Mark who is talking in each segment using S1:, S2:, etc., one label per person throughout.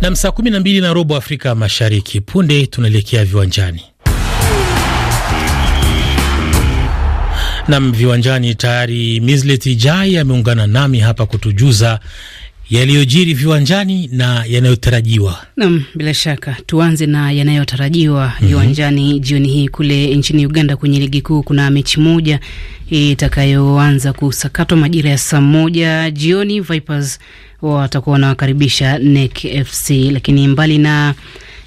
S1: Nam, saa 12 na robo Afrika Mashariki. Punde tunaelekea viwanjani. Nam, viwanjani tayari Mislet Jai ameungana nami hapa kutujuza yaliyojiri viwanjani na yanayotarajiwa.
S2: Naam, bila shaka tuanze na yanayotarajiwa mhm. viwanjani mm -hmm. Jioni hii kule nchini Uganda kwenye ligi kuu kuna mechi moja eh, itakayoanza kusakatwa majira ya saa moja jioni. Vipers watakuwa wanawakaribisha NEC FC, lakini mbali na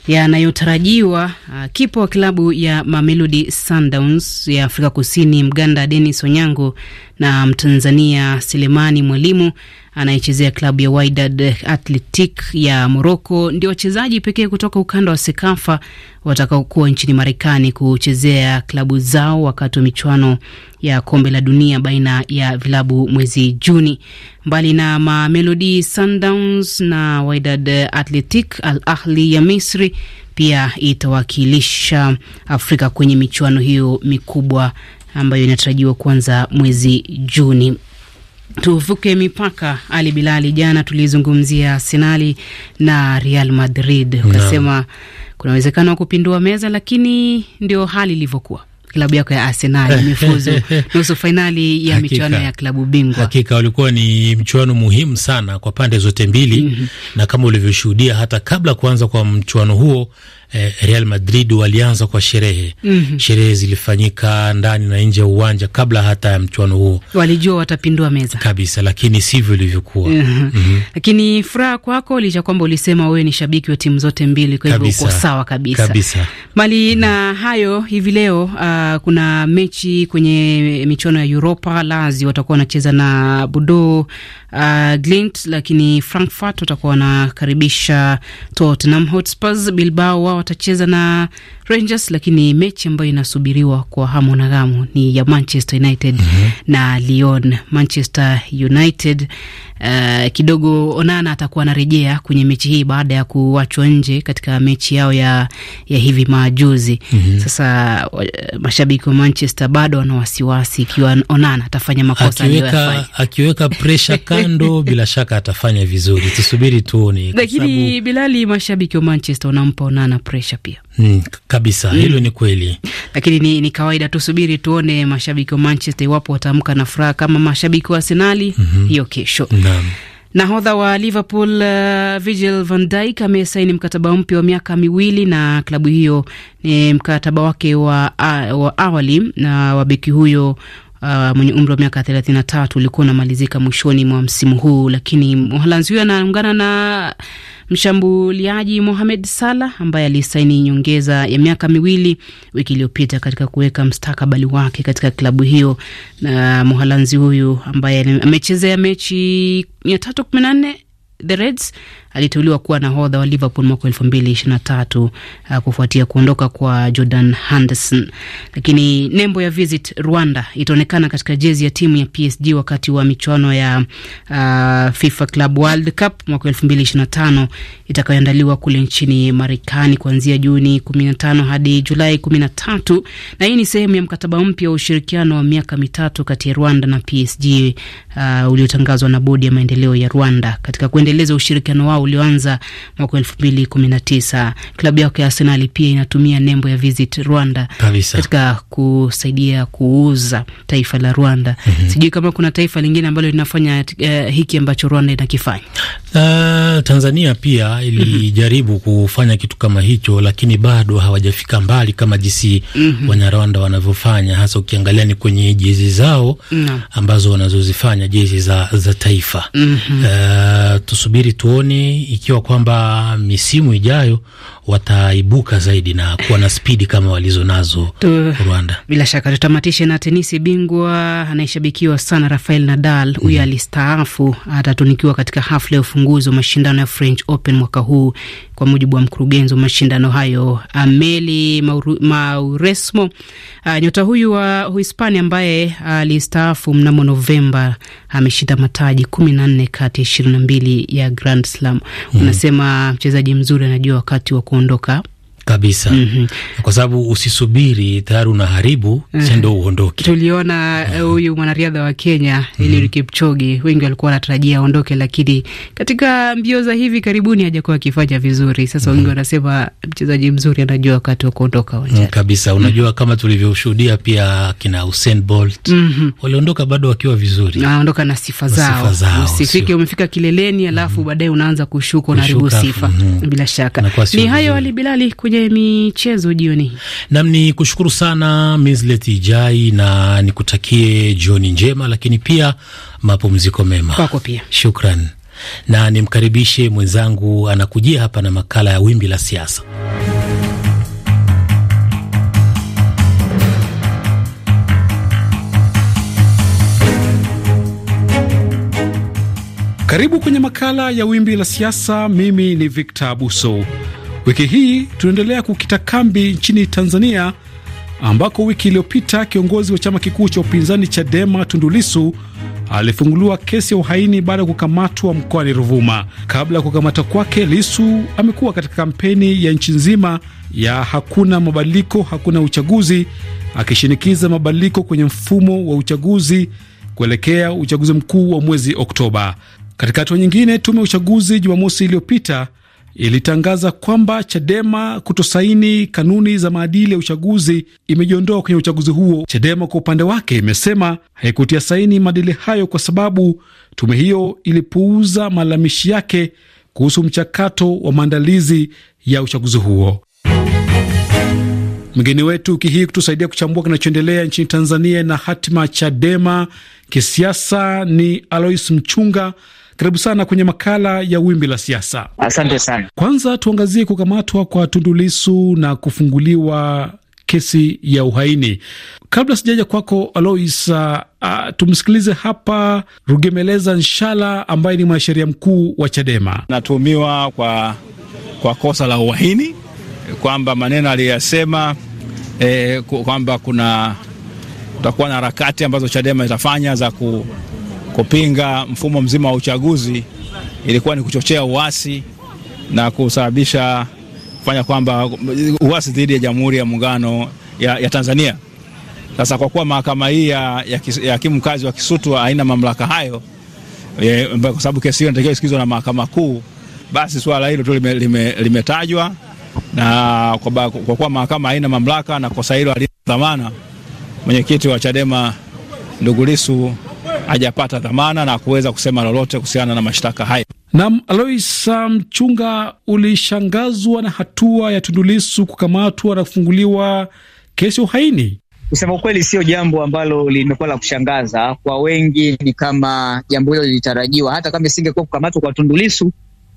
S2: yanayotarajiwa ah, kipa wa klabu ya Mamelodi Sundowns ya Afrika Kusini, Mganda Denis Onyango na Mtanzania Selemani Mwalimu anayechezea klabu ya Wydad Athletic ya Morocco ndio wachezaji pekee kutoka ukanda wa Sekafa watakaokuwa nchini Marekani kuchezea klabu zao wakati wa michuano ya kombe la dunia baina ya vilabu mwezi Juni. Mbali na Mamelodi Sundowns na Wydad Athletic, Al Ahli ya Misri pia itawakilisha Afrika kwenye michuano hiyo mikubwa ambayo inatarajiwa kuanza mwezi Juni. Tuvuke mipaka. Ali Bilali, jana tulizungumzia Arsenali na Real Madrid, ukasema no. kuna uwezekano wa kupindua meza, lakini ndio hali ilivyokuwa. Klabu yako ya Arsenal imefuzu nusu fainali ya michuano ya klabu bingwa. Hakika
S1: ulikuwa ni mchuano muhimu sana kwa pande zote mbili, mm -hmm. na kama ulivyoshuhudia hata kabla kuanza kwa mchuano huo eh, Real Madrid walianza kwa sherehe mm -hmm. Sherehe zilifanyika ndani na nje ya uwanja kabla hata ya mchuano huo,
S2: walijua watapindua meza
S1: kabisa, lakini sivyo ilivyokuwa. mm
S2: -hmm. mm -hmm. Lakini furaha kwako, licha kwamba ulisema wewe ni shabiki wa timu zote mbili, kwa hivyo uko sawa kabisa, kabisa. Mali mm -hmm. na hayo hivi leo uh, kuna mechi kwenye michuano ya Europa, Lazio watakuwa wanacheza na Bordeaux uh, Glint, lakini Frankfurt watakuwa wanakaribisha Tottenham Hotspur. Bilbao wao watacheza na Rangers, lakini mechi ambayo inasubiriwa kwa hamu na ghamu ni ya Manchester United mm -hmm. na Lyon. Manchester United uh, kidogo Onana atakuwa anarejea kwenye mechi hii baada ya kuachwa nje katika mechi yao ya, ya hivi majuzi mm -hmm. Sasa eh, mashabiki wa Manchester bado wana wasiwasi ikiwa Onana atafanya makosa akiweka,
S1: akiweka presha kando bila shaka atafanya vizuri, tusubiri tuone, lakini
S2: Bilali, mashabiki wa Manchester wanampa Onana presha pia
S1: Mm, kabisa mm. Hilo ni kweli,
S2: lakini ni, ni kawaida. Tusubiri tuone mashabiki wa Manchester iwapo wataamka na furaha kama mashabiki wa Arsenali mhm. hiyo -hmm. kesho Naam. Nahodha wa Liverpool uh, Virgil van Dijk amesaini mkataba mpya wa miaka miwili na klabu hiyo. Ni mkataba wake wa, uh, wa awali na wabeki huyo Uh, mwenye umri wa miaka 33 ulikuwa unamalizika mwishoni mwa msimu huu, lakini Mholanzi huyo anaungana na, mgana na Mshambuliaji Mohamed Salah ambaye alisaini nyongeza ya miaka miwili wiki iliyopita katika kuweka mstakabali wake katika klabu hiyo, na Mholanzi huyu ambaye amechezea mechi mia tatu kumi na nne the Reds aliteuliwa kuwa nahodha wa Liverpool mwaka elfu mbili ishirini na tatu uh, kufuatia kuondoka kwa Jordan Henderson. Lakini nembo ya Visit Rwanda itaonekana katika jezi ya timu ya PSG wakati wa michuano ya uh, FIFA Club World Cup mwaka elfu mbili ishirini na tano itakayoandaliwa kule nchini Marekani kuanzia Juni kumi na tano hadi Julai kumi na tatu na hii ni sehemu ya mkataba mpya wa ushirikiano wa miaka mitatu kati ya Rwanda na PSG uh, uliotangazwa na bodi ya maendeleo ya Rwanda katika kuendeleza ushirikiano wao ulioanza mwaka elfu mbili kumi na tisa. Klabu yako ya arsenali pia inatumia nembo ya Visit Rwanda kabisa katika kusaidia kuuza taifa la Rwanda. mm -hmm. Sijui kama kuna taifa lingine ambalo linafanya uh, hiki ambacho Rwanda inakifanya.
S1: Uh, Tanzania pia mhm. ilijaribu mm -hmm. kufanya kitu kama hicho, lakini bado hawajafika mbali kama jinsi
S2: mm -hmm. Wanyarwanda
S1: wanavyofanya, hasa ukiangalia ni kwenye jezi zao no. ambazo wanazozifanya jezi za, za taifa mm -hmm. uh, tusubiri tuone ikiwa kwamba misimu ijayo wataibuka zaidi na kuwa na spidi kama walizonazo
S2: tu, Rwanda. Bila shaka tutamatishe na tenisi. Bingwa anayeshabikiwa sana Rafael Nadal mhm. huyo mm, alistaafu atatunikiwa katika hafla ya ufunguzi wa mashindano ya French Open mwaka huu, kwa mujibu wa mkurugenzi wa mashindano hayo Ameli Mauresmo. Uh, nyota huyu wa uh, Uhispania ambaye alistaafu uh, mnamo Novemba ameshinda mataji kumi na nne kati ya ishirini na mbili ya Grand Slam. Mm, unasema mchezaji mzuri anajua wakati wa kuondoka kuondoka
S1: kabisa mm -hmm. Kwa sababu usisubiri tayari unaharibu mm. -hmm. Sendo uondoke.
S2: Tuliona eh, mhm. huyu mm uh, mwanariadha wa Kenya mhm. Eliud mm. -hmm. Kipchoge, wengi walikuwa wanatarajia aondoke, lakini katika mbio za hivi karibuni hajakuwa akifanya vizuri. Sasa wengi mm -hmm. wanasema mchezaji mzuri anajua wakati wa kuondoka mm
S1: -hmm. kabisa. Mhm. Unajua mm -hmm. kama tulivyoshuhudia pia kina Usain Bolt mm -hmm. waliondoka bado wakiwa vizuri,
S2: aondoka na sifa zao, zao. Usifike umefika kileleni alafu mm -hmm. baadaye unaanza kushuka, unaharibu sifa
S1: mm -hmm. bila shaka
S2: ni hayo alibilali kwenye michezo jioni hii.
S1: Nam ni kushukuru sana Mislet Ijai na nikutakie jioni njema, lakini pia mapumziko mema kwako pia, shukran. Na nimkaribishe mwenzangu anakujia hapa na makala ya wimbi la siasa.
S3: Karibu kwenye makala ya wimbi la siasa. Mimi ni Victor Abuso. Wiki hii tunaendelea kukita kambi nchini Tanzania ambako wiki iliyopita kiongozi wa chama kikuu cha upinzani Chadema dema tundulisu alifunguliwa kesi ya uhaini baada ya kukamatwa mkoani Ruvuma. Kabla ya kukamata kwake, lisu amekuwa katika kampeni ya nchi nzima ya hakuna mabadiliko hakuna uchaguzi, akishinikiza mabadiliko kwenye mfumo wa uchaguzi kuelekea uchaguzi mkuu wa mwezi Oktoba. Katika hatua nyingine, tume ya uchaguzi Jumamosi iliyopita ilitangaza kwamba Chadema kutosaini kanuni za maadili ya uchaguzi imejiondoa kwenye uchaguzi huo. Chadema kwa upande wake imesema haikutia saini maadili hayo kwa sababu tume hiyo ilipuuza malalamishi yake kuhusu mchakato wa maandalizi ya uchaguzi huo. Mgeni wetu wiki hii kutusaidia kuchambua kinachoendelea nchini Tanzania na hatima Chadema kisiasa ni Alois Mchunga karibu sana kwenye makala ya Wimbi la Siasa. Asante sana. Kwanza tuangazie kukamatwa kwa Tundulisu na kufunguliwa kesi ya uhaini. Kabla sijaja kwako Alois, uh, uh, tumsikilize hapa Rugemeleza Nshala ambaye ni mwanasheria mkuu wa Chadema. Anatuhumiwa kwa, kwa kosa la uhaini kwamba maneno aliyoyasema
S4: eh, kwamba kuna kutakuwa na harakati ambazo Chadema itafanya za ku kupinga mfumo mzima wa uchaguzi ilikuwa ni kuchochea uasi na kusababisha kufanya kwamba uasi dhidi ya Jamhuri ya Muungano ya, ya Tanzania. Sasa kwa kuwa mahakama hii ya, ya, ya hakimu mkazi wa Kisutu haina mamlaka hayo, e, kwa sababu kesi hiyo inatakiwa isikizwe na mahakama kuu, basi swala hilo tu limetajwa lime, lime na kwa, kwa kuwa mahakama haina mamlaka na kosa hilo halina dhamana, mwenyekiti wa Chadema ndugu Lissu hajapata dhamana na kuweza kusema lolote kuhusiana na mashtaka hayo.
S3: Nam Alois Mchunga, ulishangazwa na hatua ya Tundulisu kukamatwa na kufunguliwa
S5: kesi uhaini? Kusema ukweli, sio jambo ambalo limekuwa la kushangaza kwa wengi, ni kama jambo hilo lilitarajiwa, hata kama isingekuwa kukamatwa kwa Tundulisu,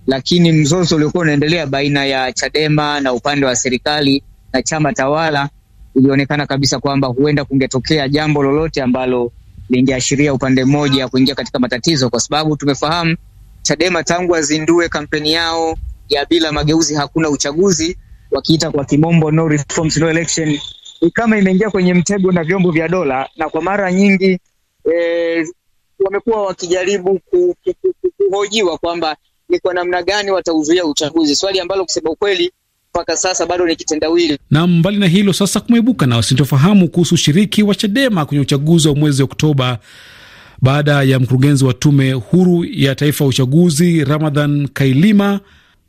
S5: lakini mzozo uliokuwa unaendelea baina ya Chadema na upande wa serikali na chama tawala, ilionekana kabisa kwamba huenda kungetokea jambo lolote ambalo lingeashiria upande mmoja kuingia katika matatizo, kwa sababu tumefahamu Chadema tangu azindue kampeni yao ya bila mageuzi hakuna uchaguzi, wakiita kwa kimombo no reforms no election, ni kama imeingia kwenye mtego na vyombo vya dola, na kwa mara nyingi e, wamekuwa wakijaribu kuhojiwa kwamba ni kwa namna gani watauzuia uchaguzi, swali ambalo kusema ukweli mpaka sasa bado ni kitendawili.
S3: Na mbali na hilo, sasa kumeibuka na wasintofahamu kuhusu ushiriki wa Chadema kwenye uchaguzi wa mwezi Oktoba baada ya mkurugenzi wa Tume Huru ya Taifa ya Uchaguzi Ramadhan Kailima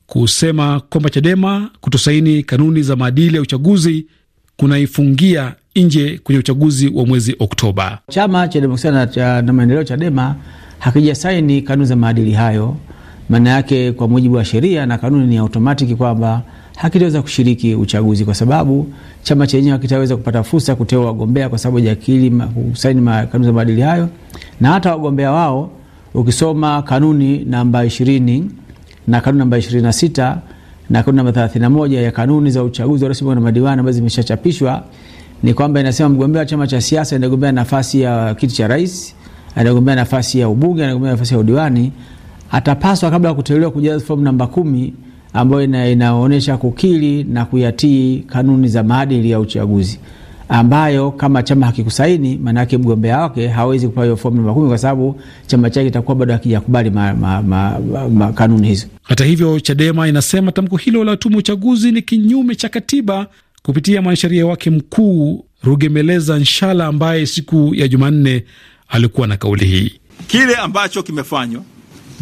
S3: kusema kwamba Chadema kutosaini kanuni za maadili ya uchaguzi kunaifungia nje kwenye uchaguzi wa mwezi Oktoba. Chama cha Demokrasia cha,
S1: na Maendeleo Chadema hakijasaini kanuni za maadili hayo. Maana yake kwa mujibu wa sheria na kanuni ni automatiki kwamba hakitaweza kushiriki uchaguzi kwa sababu chama chenyewe hakitaweza kupata fursa ya kuteua wagombea kwa sababu hajakiri kusaini kanuni za maadili hayo, na hata wagombea wao ukisoma kanuni namba ishirini na kanuni namba ishirini na sita na kanuni namba thelathini na moja ya kanuni za uchaguzi wa rais, na madiwani ambazo zimeshachapishwa ni kwamba inasema mgombea wa chama cha siasa anagombea nafasi ya kiti cha rais, anagombea nafasi ya ubunge, anagombea nafasi ya udiwani, atapaswa kabla ya kuteuliwa kujaza fomu namba kumi ambayo inaonyesha kukiri na kuyatii kanuni za maadili ya uchaguzi ambayo kama chama hakikusaini, maana yake mgombea wake hawezi kupewa hiyo fomu namba kumi kwa sababu chama chake kitakuwa bado hakijakubali kanuni hizo.
S3: Hata hivyo, Chadema inasema tamko hilo la tume uchaguzi ni kinyume cha katiba kupitia mwanasheria wake mkuu Rugemeleza Nshala ambaye siku ya Jumanne alikuwa na kauli hii.
S4: Kile ambacho kimefanywa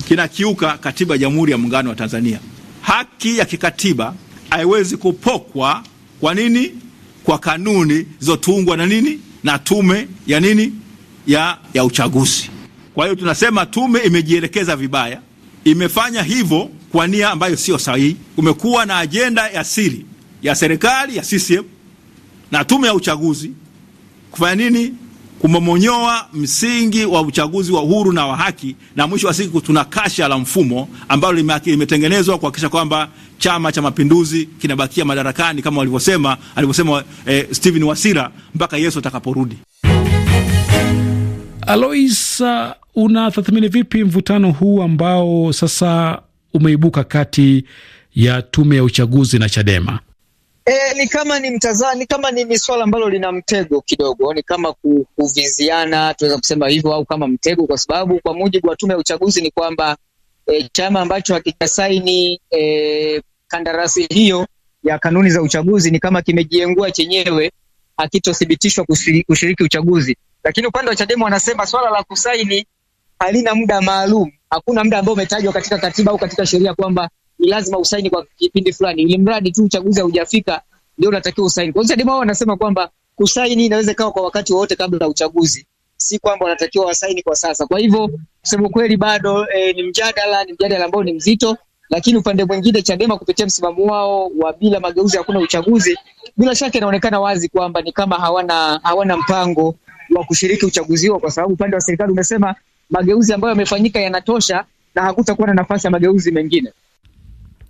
S4: kinakiuka katiba ya Jamhuri ya Muungano wa Tanzania haki ya kikatiba haiwezi kupokwa. Kwa nini? Kwa kanuni zilizotungwa na nini na tume ya nini ya, ya uchaguzi. Kwa hiyo tunasema tume imejielekeza vibaya, imefanya hivyo kwa nia ambayo sio sahihi. Kumekuwa na ajenda ya siri ya serikali ya CCM na tume ya uchaguzi kufanya nini? kumomonyoa msingi wa uchaguzi wa uhuru na wa haki, na mwisho wa siku tuna kasha la mfumo ambalo limetengenezwa kuhakikisha kwamba Chama cha Mapinduzi kinabakia madarakani kama walivyosema alivyosema eh, Steven Wasira mpaka Yesu atakaporudi. Alois,
S3: unatathmini vipi mvutano huu ambao sasa umeibuka kati ya tume ya uchaguzi na Chadema?
S5: E, ni kama ni mtazaa ni kama ni, ni swala ambalo lina mtego kidogo, ni kama kuviziana, tunaweza kusema hivyo au kama mtego, kwa sababu kwa mujibu wa tume ya uchaguzi ni kwamba e, chama ambacho hakijasaini e, kandarasi hiyo ya kanuni za uchaguzi ni kama kimejiengua chenyewe, hakitothibitishwa kushiriki uchaguzi. Lakini upande wa Chadema wanasema swala la kusaini halina muda maalum, hakuna muda ambao umetajwa katika katiba au katika sheria kwamba ni lazima usaini kwa kipindi fulani, ili mradi tu uchaguzi haujafika ndio unatakiwa usaini. Kwa hiyo Chadema wanasema kwamba kusaini inaweza ikawa kwa wakati wowote kabla ya uchaguzi, si kwamba wanatakiwa wasaini kwa sasa. Kwa hivyo kusema kweli bado e, ni mjadala, ni mjadala ambao ni mzito, lakini upande mwingine Chadema kupitia msimamo wao wa bila mageuzi hakuna uchaguzi, bila shaka inaonekana wazi kwamba ni kama hawana hawana mpango wa kushiriki uchaguzi huo, kwa sababu upande wa serikali umesema mageuzi ambayo yamefanyika yanatosha na hakutakuwa na nafasi ya mageuzi mengine.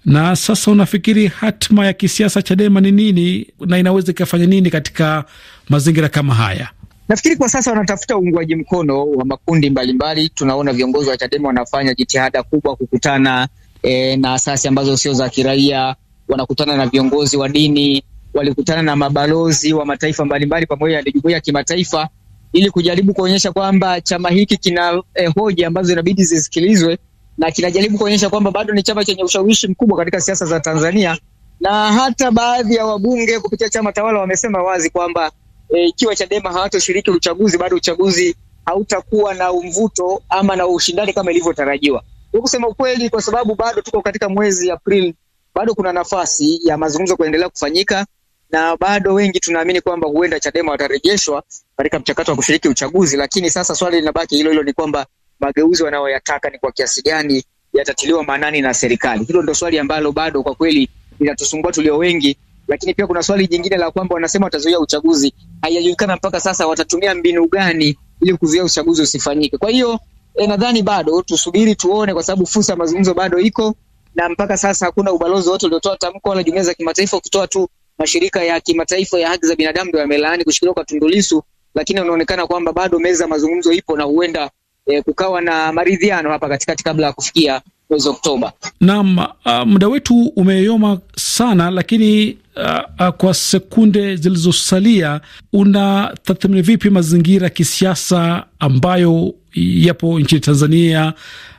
S3: Na sasa unafikiri hatima ya kisiasa Chadema ni nini na inaweza ikafanya nini katika mazingira kama haya?
S5: Nafikiri kwa sasa wanatafuta uungwaji mkono wa makundi mbalimbali mbali. Tunaona viongozi wa Chadema wanafanya jitihada kubwa kukutana e, na asasi ambazo sio za kiraia, wanakutana na viongozi wa dini, walikutana na mabalozi wa mataifa mbalimbali pamoja na jumuiya ya kimataifa ili kujaribu kuonyesha kwamba chama hiki kina e, hoja ambazo inabidi zisikilizwe na kinajaribu kuonyesha kwamba bado ni chama chenye ushawishi mkubwa katika siasa za Tanzania, na hata baadhi ya wabunge kupitia chama tawala wamesema wazi kwamba e, ikiwa e, Chadema hawatoshiriki uchaguzi, bado uchaguzi hautakuwa na umvuto ama na ushindani kama ilivyotarajiwa. Kusema ukweli, kwa sababu bado tuko katika mwezi Aprili, bado kuna nafasi ya mazungumzo kuendelea kufanyika na bado wengi tunaamini kwamba huenda Chadema watarejeshwa katika mchakato wa kushiriki uchaguzi, lakini sasa swali linabaki hilo hilo, ni kwamba mageuzi wanayoyataka ni kwa kiasi gani yatatiliwa maanani na serikali. Hilo ndio swali ambalo bado kwa kweli linatusumbua tulio wengi, lakini pia kuna swali jingine la kwamba wanasema watazuia uchaguzi. Haijajulikana mpaka sasa watatumia mbinu gani ili kuzuia uchaguzi usifanyike. Kwa hiyo e, nadhani bado tusubiri tuone, kwa sababu fursa ya mazungumzo bado iko, na mpaka sasa hakuna ubalozi wote uliotoa tamko wala jumuiya za kimataifa, ukitoa tu mashirika ya kimataifa ya haki za binadamu ndio yamelaani kushikiliwa kwa Tundu Lissu, lakini unaonekana kwamba bado meza mazungumzo ipo na huenda e, kukawa na maridhiano hapa katikati kabla ya kufikia mwezi Oktoba.
S3: Naam, uh, muda wetu umeyoma sana, lakini uh, uh, kwa sekunde zilizosalia, una tathmini vipi mazingira ya kisiasa ambayo yapo nchini Tanzania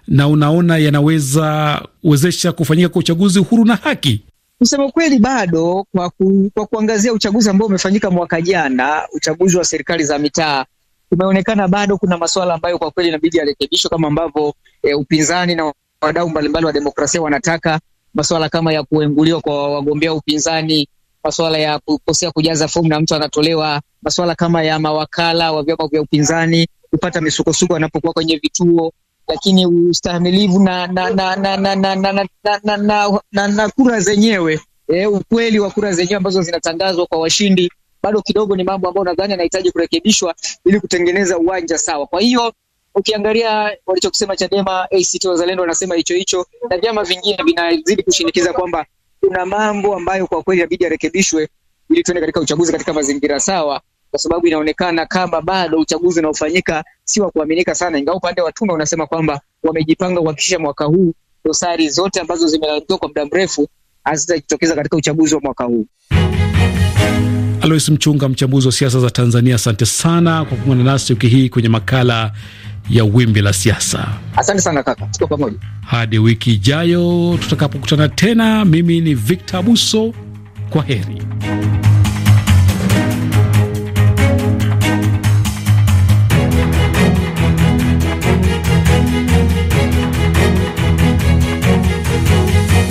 S3: na unaona yanaweza wezesha kufanyika kwa uchaguzi huru na haki?
S5: Kusema kweli bado kwa, ku, kwa kuangazia uchaguzi ambao umefanyika mwaka jana, uchaguzi wa serikali za mitaa kumeonekana bado kuna masuala ambayo kwa kweli inabidi yarekebishwe, kama ambavyo e, upinzani na wadau mbalimbali wa demokrasia wanataka, masuala kama ya kuenguliwa kwa wagombea upinzani, masuala ya kukosea kujaza fomu na mtu anatolewa, masuala kama ya mawakala wa vyama vya upinzani kupata misukosuko anapokuwa kwenye vituo, lakini ustahimilivu na na na na na na na na na na kura zenyewe, ukweli wa kura zenyewe ambazo zinatangazwa kwa washindi bado kidogo ni mambo ambayo nadhani yanahitaji kurekebishwa ili kutengeneza uwanja sawa. Kwa hiyo ukiangalia walichokusema Chadema, ACT Wazalendo wanasema hicho hicho, na vyama vingine vinazidi kushinikiza kwamba kuna mambo ambayo kwa kweli inabidi yarekebishwe ili tuende katika uchaguzi katika mazingira sawa, kwa sababu inaonekana kama bado uchaguzi unaofanyika si wa kuaminika sana, ingawa upande wa tume unasema kwamba wamejipanga kuhakikisha mwaka huu dosari zote ambazo zimelalamikiwa kwa muda mrefu hazitajitokeza katika uchaguzi wa mwaka huu.
S3: Alois Mchunga, mchambuzi wa siasa za Tanzania, asante sana kwa kuungana nasi wiki hii kwenye makala ya wimbi la siasa. Asante sana kaka, tuko pamoja hadi wiki ijayo tutakapokutana tena. Mimi ni Victor abuso kwa heri.